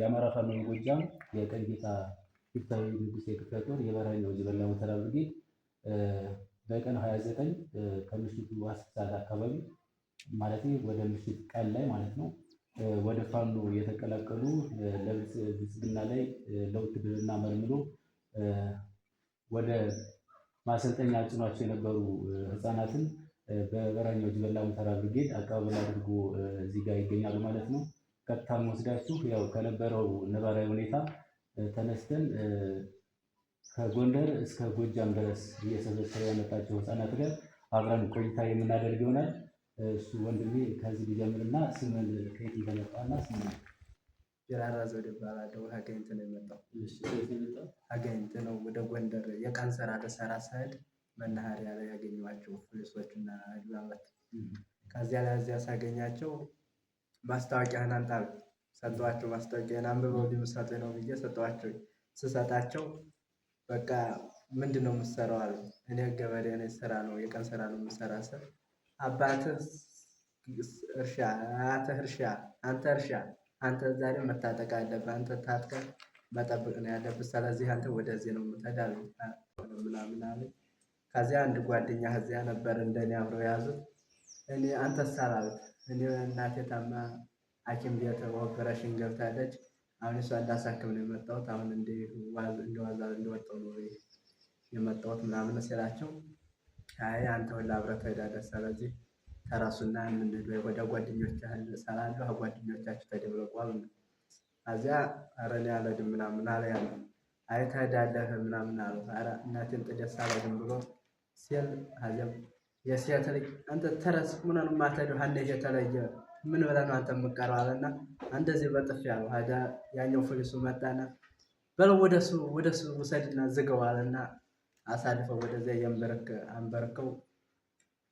የአማራ ፋኖ ጎጃም የቀኝ ጌታ ይታዊ ንጉስ የክፍለ ጦር የበረኛው የበላው ተራ ብርጌድ በቀን 29 ከምሽቱ 10 ሰዓት አካባቢ ማለት ወደ ምሽት ቀን ላይ ማለት ነው ወደ ፋኖ የተቀላቀሉ ለብልጽግና ላይ ለውትድርና መርምሮ ወደ ማሰልጠኛ ጭኗቸው የነበሩ ህፃናትን በበረሃኛው ጅበላ ሙተራ ብርጌድ አቀባበል አድርጎ እዚህ ጋር ይገኛሉ ማለት ነው። ቀጥታም ወስዳችሁ ያው ከነበረው ነባራዊ ሁኔታ ተነስተን ከጎንደር እስከ ጎጃም ድረስ እየሰበሰበ ያመጣቸው ህፃናት ጋር አብረን ቆይታ የምናደርግ ይሆናል። እሱ ወንድሜ ከዚህ ሊጀምርና ስምን ከየት እንደመጣና ስምን ቢራራ ዘውዴ እባላለሁ። ሀጋይንት ነው የመጣው። ሀጋይንት ነው ወደ ጎንደር የካንሰር አደሰራ ሳይድ መናኸሪያ ላይ ያገኘኋቸው ፖሊሶች እና አድባባት ከዚያ ላይ እዚያ ሳገኛቸው ማስታወቂያህን አንጣ ሰጠኋቸው። ማስታወቂያን አንብበው ሊመሰጡ ነው ብዬ ሰጠኋቸው። ስሰጣቸው በቃ ምንድን ነው የምትሰራው አሉ። እኔ ገበሬ ነኝ፣ ስራ ነው የቀን ስራ ነው የምሰራ ስል አባትህ እርሻ፣ አያትህ እርሻ፣ አንተ እርሻ አንተ ዛሬ መታጠቅ አለብህ። አንተ ታጥቀህ መጠበቅ ነው ያለብህ። ስለዚህ አንተ ወደዚህ ነው የምትሄዳል ምናምን አለኝ። ከዚያ አንድ ጓደኛ ከዚያ ነበር እንደኔ አብረው የያዙት። እኔ አንተ ሳላልክ እኔ እናቴ ታማ ሐኪም ቤት ኦፕሬሽን ገብታለች። አሁን እሷ እንዳሳክም ነው የመጣሁት። አሁን እንደዋዛ እንደወጣው ነው የመጣሁት ምናምን ስላቸው አይ አንተ ሁላ አብረህ ትሄዳለህ ስለዚህ ከራሱና የምንሄዱ የቆዳ ጓደኞች ያህል ሰላሉ ጓደኞቻችሁ ተደብለቋል። አዚያ አረን ያለ ድምና ምናለ ያለ አይተህ ዳለህ ምናምን አለ እናቴን ጥደስ አለድም ብሎ ሲል አዚያም የሴት ልጅ አንተ ተረስ ምናን ማተዱ ሀነ የተለየ ምን ብለን አንተ የምቀረው አለና እንደዚህ በጥፍ ያለው ሀዳ ያኛው ፖሊሱ መጣና በለው ወደሱ ወደሱ ውሰድና ዝገው አለና አሳልፈው ወደዚያ የንበረክ አንበረከው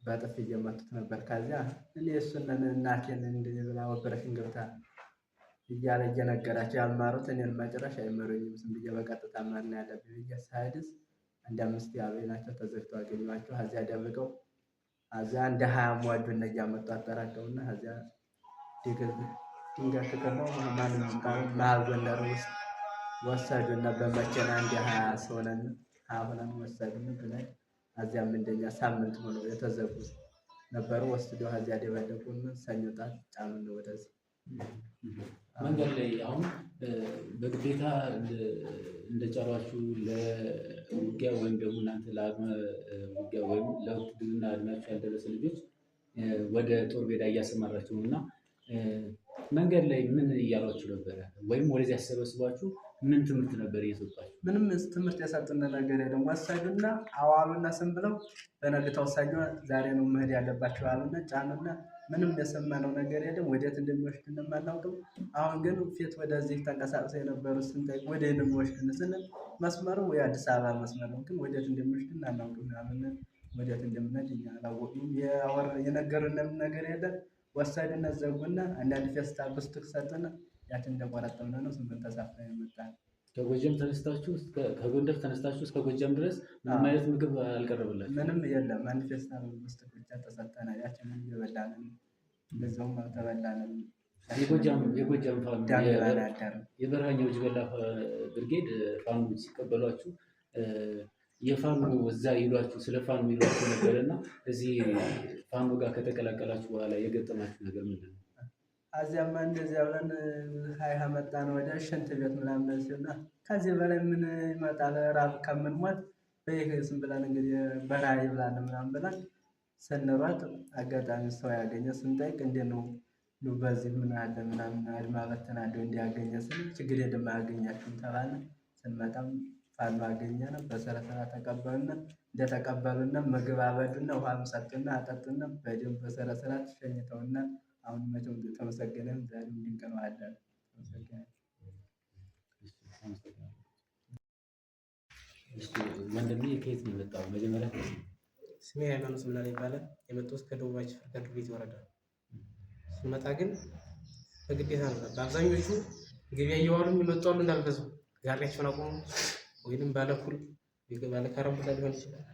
በጥፍ እየመቱት ነበር። ከዚያ እኔ እሱን እናቴን እንዲህ ብላ ወበረሽን ገብታ እያለ እየነገራቸው ያልማሩት እኔን መጨረሻ አይመሩኝም። ዝም ብዬ በቀጥታ ማና ያለብኝ ብዬ ሳድስ አንድ አምስት ያበይ ናቸው ተዘግተው አገኘኋቸው። ከዚያ ደብቀው ከዚያ እንደ ሀያ ሟዱ ነ እያመጡ እና ከዚያ ድንጋይ ተከፈው ማን መሀል ጎንደር ውስጥ እና በመኪና እንደ ሀያ ሰው ነን ሀያ ሆነን ወሰዱን ብለን አዚያ እንደኛ ሳምንት ሆኖ የተዘጉት ነበሩ። ወስዶ አዚያ ደበደቡን። ሰኞ ጣት ነው ወደዚህ መንገድ ላይ አሁን በግዴታ እንደጨሯችሁ ለውጊያ ወይም ደግሞ እናንተ ለአድመ ውጊያ ወይም ለውትድርና አድማችሁ ያልደረሰ ልጆች ወደ ጦር ሜዳ እያሰማራችሁ ነው እና መንገድ ላይ ምን እያሏችሁ ነበረ? ወይም ወደዚህ ያሰበስቧችሁ ምን ትምህርት ነበር እየሰጧቸው? ምንም ትምህርት የሰጡን ነገር የለም። ወሰዱና አዋሉና ስም ብለው በነግታው ሰኞ ዛሬ ነው መሄድ ያለባቸው አሉና ጫኑና ምንም የሰማነው ነገር የለም። ወዴት እንደሚወስድ እንደማናውቅም። አሁን ግን ፊት ወደዚህ ተንቀሳቅሰው የነበሩ ስንጠይቅ ወደ እንደሚወስድን ስንል መስመሩ ወይ አዲስ አበባ መስመሩ ግን ወዴት እንደሚወስድ እናናውቅም አሉና ወዴት እንደምንሄድ እኛ አላወቅንም። የነገሩንም ነገር የለም። ወሰዱና ዘጉና አንዳንድ ፌስታ ብስቱክ ሰጡና ያችን ተቋረጠምና ነው ስምንት ተሳፍራ የመጣል። ከጎጀም ተነስታችሁ ከጎንደር ተነስታችሁ እስከ ጎጃም ድረስ ምንም አይነት ምግብ አልቀረበላችሁ? ምንም የለም። አንድ ደስታ ውስጥ ብቻ ተሰጠና ያችን ምን እየበላንም በዛውም አልተበላንም። የጎጃም የጎጃም ፋኖ የበረሃኛው ጅበላ ብርጌድ ፋኖ ሲቀበሏችሁ የፋኖ እዛ ይሏችሁ ስለ ፋኖ ይሏችሁ ነበርና እዚህ ፋኖ ጋር ከተቀላቀላችሁ በኋላ የገጠማችሁ ነገር ምንድን ነው? አዚያማ እንደዚያ ብለን ሀይሀ መጣን ወደ ሽንት ቤት ምናምን ሲና ከዚህ በላይ ምን ይመጣል? ራብ ከምንሞት በይህ ስም ብለን እንግዲህ በረሃ ይብላል ምናምን ብለን ስንሯጥ አጋጣሚ ሰው ያገኘ ስንጠይቅ እንዴ ነው ኑ በዚህ ምን አለ ምናምን አድማ በተና እንደው እንዲያገኘ ስል ችግር የለም አያገኛችሁም ተባለ። ስንመጣም ፋኖ አገኘን። በሰረሰራ ተቀበሉን። እንደተቀበሉን ምግብ አበሉን፣ ውሃም ሰጡን፣ አጠጡን። በደንብ በሰረሰራ ተሸኝተውናል። አሁን መቼም ተመሰገነም ዛሬም ድንቅ ነው ወንድሜ ከየት ነው የመጣው? መጀመሪያ ስሜ ሃይማኖት ምናምን ይባላል። የመጣሁት ከደቡብ አጭፈር ከዱር ቤት ወረዳ ስመጣ ግን በግዴታ ነበር። በአብዛኞቹ ገቢያ እየዋሉ የሚመጡ አሉ። እንዳልገዙ ጋሪያቸውን አቆሙ ወይንም ባለኩል ባለከረምቡላ ሊሆን ይችላል።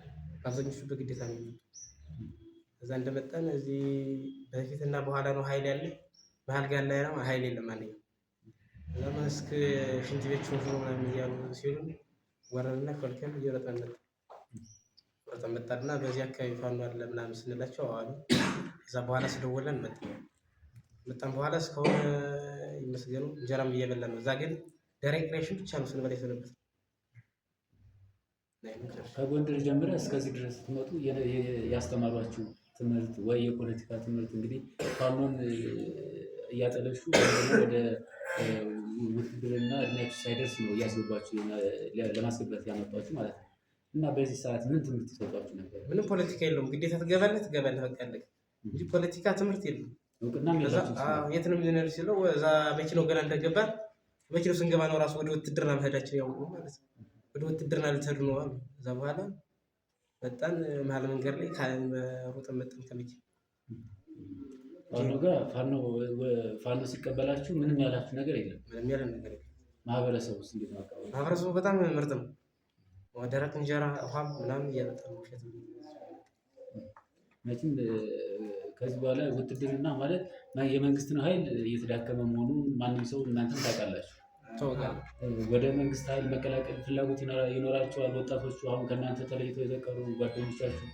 በአብዛኞቹ በግዴታ ነው የሚመጡ እዛ እንደመጣን እዚህ እና በኋላ ነው ኃይል ያለ መሀል ጋር ላይ ነው ኃይል የለም። አንደኛው እዛ መስክ ሽንት ቤት ሾፍ ነው ምናምን እያሉ ሲሉ ወረንና ኮልከም እየወረጠን ወረጠን መጣልና በዚህ አካባቢ ፋኖ አለ ምናምን ስንላቸው አሉ። እዛ በኋላ ስደወለን መጣ መጣን በኋላ እስከሆነ ይመስገኑ እንጀራም እየበላን ነው። እዛ ግን ደረቅ ሬሽን ብቻ ነው ስንበላ የሰነበት ከጎንደር ጀምረ እስከዚህ ድረስ ስትመጡ ያስተማሯችሁ ትምህርት ወይ የፖለቲካ ትምህርት እንግዲህ ፋኖን እያጠለሹ ወደ ውትድርና እድሜያችሁ ሳይደርስ ነው እያስገባችሁ ለማስገባት ያመጧችሁ ማለት ነው። እና በዚህ ሰዓት ምን ትምህርት ይሰጧችሁ ነበር? ምንም ፖለቲካ የለውም። ግዴታ ትገባለህ ትገባለህ በቃ እንጂ ፖለቲካ ትምህርት የለም። የት ነው ሚሊዮነር ሲለው እዛ መኪናው ገና እንደገባ መኪናው ስንገባ ነው ራሱ ወደ ውትድርና መሄዳችን ያውቁ ማለት ነው። ወደ ውትድርና ልትሄዱ ነው አሉ። እዛ በኋላ በጣም መሀል መንገድ ላይ ሩጥ መጠን ከመኪና ፋኖ ጋር ፋኖ ሲቀበላችሁ ምንም ያላችሁ ነገር የለም። ምንም ያለ ነገር የለም። ማህበረሰቡ ውስጥ እንዴት ማቀበል? ማህበረሰቡ በጣም ምርጥ ነው። ደረቅ እንጀራ ውሃ ምናምን እያመጣ ነው። ውሸት መቼም ከዚህ በኋላ ውትድርና ማለት የመንግስትን ኃይል እየተዳከመ መሆኑን ማንም ሰው እናንተም ታውቃላችሁ። ወደ መንግስት ኃይል መቀላቀል ፍላጎት ይኖራቸዋል ወጣቶቹ? አሁን ከእናንተ ተለይተው የተቀሩ ጓደኞቻችሁ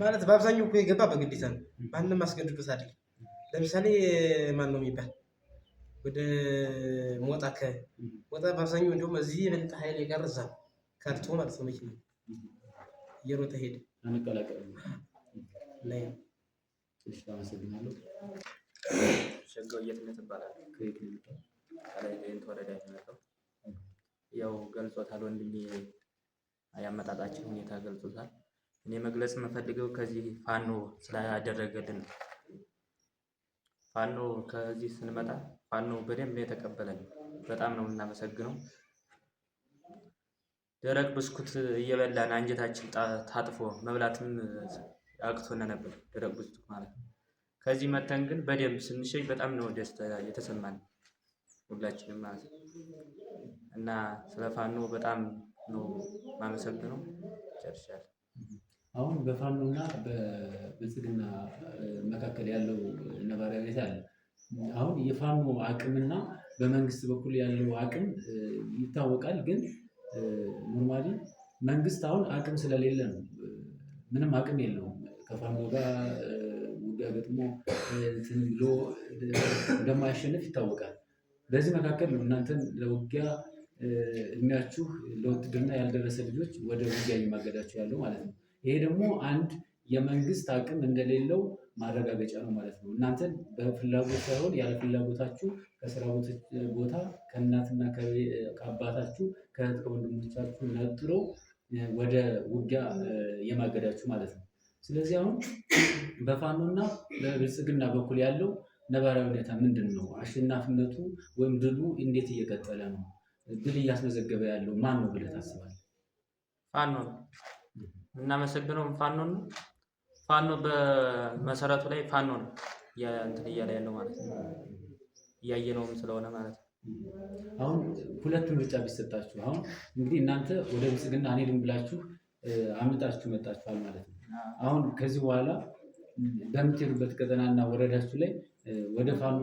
ማለት በአብዛኛው እኮ የገባ በግዴታ ነው። ማንም አስገድዶት አይደለም። ለምሳሌ ማን ነው የሚባል ወደ ሞጣ ከ ሞጣ በአብዛኛው እንዲሁም እዚህ የበለጠ ኃይል የቀረ እዛ ነው ከርቶ ማለት ነው መኪና እየሮጠ ሄደ አንቀላቀልም ላይ ነው። አመሰግናለሁ። ሸጋው እየትነት ይባላል። ከላይ ዘይንት ወረዳ የመጣው ያው ገልጾታል። ወንድሜ ያመጣጣችን ሁኔታ ገልጾታል። እኔ መግለጽ የምፈልገው ከዚህ ፋኖ ስላደረገልን ፋኖ ከዚህ ስንመጣ ፋኖ በደንብ የተቀበለን በጣም ነው እናመሰግነው። ደረቅ ብስኩት እየበላን አንጀታችን ታጥፎ መብላትም አቅቶነ ነበር፣ ደረቅ ብስኩት ማለት ነው። ከዚህ መተን ግን በደንብ ስንሸኝ በጣም ነው ደስታ የተሰማን። ሁላችንም ማለት ነው እና ስለ ፋኖ በጣም ነው ማመሰግነው። ጨርሻለሁ። አሁን በፋኖና በብልጽግና መካከል ያለው ነባራዊ ሁኔታ አለ። አሁን የፋኖ አቅምና በመንግስት በኩል ያለው አቅም ይታወቃል። ግን ኖርማሊ መንግስት አሁን አቅም ስለሌለ ነው፣ ምንም አቅም የለውም ከፋኖ ጋር ውጊያ ገጥሞ ትንሎ እንደማያሸንፍ ይታወቃል። በዚህ መካከል ነው እናንተን ለውጊያ እድሜያችሁ ለውትድርና ያልደረሰ ልጆች ወደ ውጊያ እየማገዳችሁ ያለው ማለት ነው። ይሄ ደግሞ አንድ የመንግስት አቅም እንደሌለው ማረጋገጫ ነው ማለት ነው። እናንተን በፍላጎት ሳይሆን ያለ ፍላጎታችሁ ከስራ ቦታ ከእናትና ከአባታችሁ ከእህት ወንድሞቻችሁ ነጥሎ ወደ ውጊያ የማገዳችሁ ማለት ነው። ስለዚህ አሁን በፋኖና በብልጽግና በኩል ያለው ነባራዊ ሁኔታ ምንድን ነው? አሸናፊነቱ ወይም ድሉ እንዴት እየቀጠለ ነው? ድል እያስመዘገበ ያለው ማን ነው ብለህ ታስባለህ? ፋኖ ነው። እናመሰግነው ፋኖ ነው። ፋኖ በመሰረቱ ላይ ፋኖ ነው እንትን እያለ ያለው ማለት ነው። እያየነውም ስለሆነ ማለት ነው። አሁን ሁለት ምርጫ ቢሰጣችሁ፣ አሁን እንግዲህ እናንተ ወደ ብልጽግና አንሄድም ብላችሁ አምጣችሁ መጣችኋል ማለት ነው። አሁን ከዚህ በኋላ በምትሄዱበት ቀጠናና ወረዳችሁ ላይ ወደ ፋኖ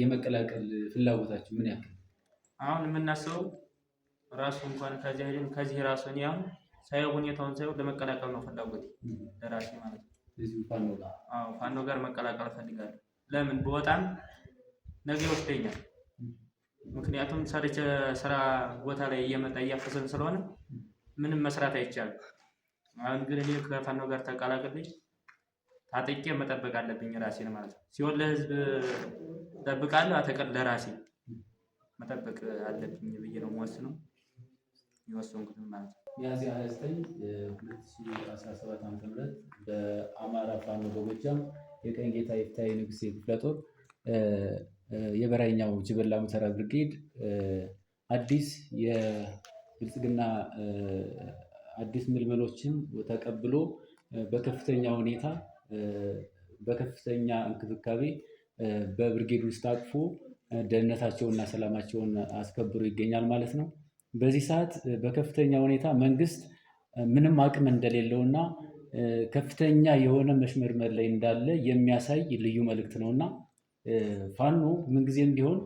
የመቀላቀል ፍላጎታችሁ ምን ያክል? አሁን የምናስበው ራሱ እንኳን ከዚህ አይደለም ከዚህ ራሱን ያው ሳይ ሁኔታውን ሳይሆን ለመቀላቀል ነው ፍላጎት ለራሴ ማለት ነው። እዚህ ፋኖ ጋር አዎ፣ ፋኖ ጋር መቀላቀል እፈልጋለሁ ለምን በወጣም ነገ ይወስደኛል። ምክንያቱም ሰርቼ ስራ ቦታ ላይ እየመጣ እያፈሰን ስለሆነ ምንም መስራት አይቻልም። አሁን ግን እኔ ከፋኖ ጋር ተቀላቅልኝ ታጥቄ መጠበቅ አለብኝ ራሴን ማለት ነው። ሲሆን ለህዝብ እጠብቃለሁ፣ አተቀር ለራሴ መጠበቅ አለብኝ ብዬ ነው የምወስነው የወሰንኩትም ማለት ነው። ሚያዝያ 29 2017 ዓ ም በአማራ ፋኖ በጎጃም የቀኝ ጌታ የፍትሐ ንጉሴ ክፍለ ጦር የበላይኛው ጅበላ ሙተራ ብርጌድ አዲስ የብልጽግና አዲስ ምልምሎችን ተቀብሎ በከፍተኛ ሁኔታ በከፍተኛ እንክብካቤ በብርጌድ ውስጥ አቅፎ ደህንነታቸውንና ሰላማቸውን አስከብሮ ይገኛል ማለት ነው። በዚህ ሰዓት በከፍተኛ ሁኔታ መንግስት ምንም አቅም እንደሌለውና ከፍተኛ የሆነ መሽመርመር ላይ እንዳለ የሚያሳይ ልዩ መልእክት ነው እና ፋኖ ምንጊዜም ቢሆን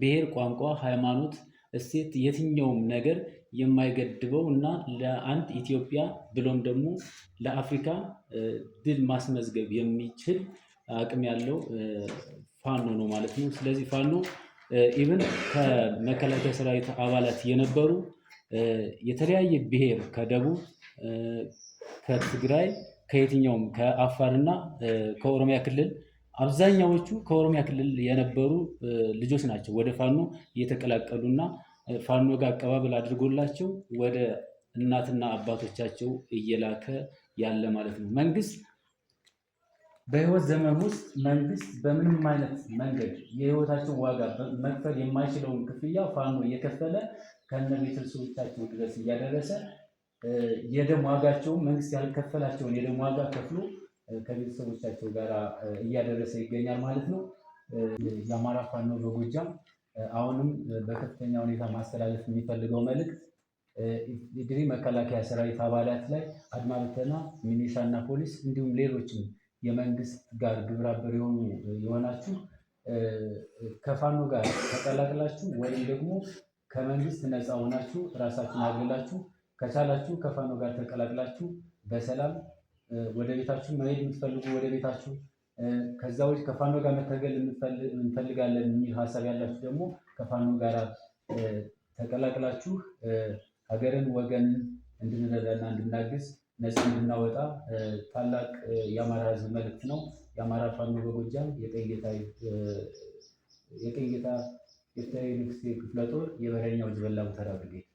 ብሔር፣ ቋንቋ፣ ሃይማኖት፣ እሴት የትኛውም ነገር የማይገድበው እና ለአንድ ኢትዮጵያ ብሎም ደግሞ ለአፍሪካ ድል ማስመዝገብ የሚችል አቅም ያለው ፋኖ ነው ማለት ነው። ስለዚህ ፋኖ ኢቨን ከመከላከያ ሰራዊት አባላት የነበሩ የተለያየ ብሔር ከደቡብ፣ ከትግራይ፣ ከየትኛውም ከአፋር እና ከኦሮሚያ ክልል አብዛኛዎቹ ከኦሮሚያ ክልል የነበሩ ልጆች ናቸው ወደ ፋኖ እየተቀላቀሉ እና ፋኖ ጋር አቀባበል አድርጎላቸው ወደ እናትና አባቶቻቸው እየላከ ያለ ማለት ነው። መንግስት በህይወት ዘመን ውስጥ መንግስት በምንም አይነት መንገድ የህይወታቸውን ዋጋ መክፈል የማይችለውን ክፍያ ፋኖ እየከፈለ ከነ ቤተሰቦቻቸው ድረስ እያደረሰ የደም ዋጋቸውን መንግስት ያልከፈላቸውን የደም ዋጋ ከፍሎ ከቤተሰቦቻቸው ጋር እያደረሰ ይገኛል ማለት ነው። የአማራ ፋኖ በጎጃም አሁንም በከፍተኛ ሁኔታ ማስተላለፍ የሚፈልገው መልእክት ኢፌዴሪ መከላከያ ሰራዊት አባላት ላይ አድማ ብተና፣ ሚኒሻና ፖሊስ እንዲሁም ሌሎችም የመንግስት ጋር ግብረ አበር የሆኑ የሆናችሁ ከፋኖ ጋር ተቀላቅላችሁ ወይም ደግሞ ከመንግስት ነፃ ሆናችሁ ራሳችሁን አግላችሁ ከቻላችሁ ከፋኖ ጋር ተቀላቅላችሁ በሰላም ወደ ቤታችሁ መሄድ የምትፈልጉ ወደ ቤታችሁ ከዛ ውጭ ከፋኖ ጋር መታገል እንፈልጋለን የሚል ሀሳብ ያላችሁ ደግሞ ከፋኖ ጋር ተቀላቅላችሁ ሀገርን ወገንን እንድንረዳና እንድናግዝ ነፃ እንድናወጣ ታላቅ የአማራ ህዝብ መልእክት ነው። የአማራ ፋኖ በጎጃም የቀይ ጌታ የፍትሐዊ ንጉሴ ክፍለ ጦር የበረኛው ጅበላ ሙተራ ብርጌድ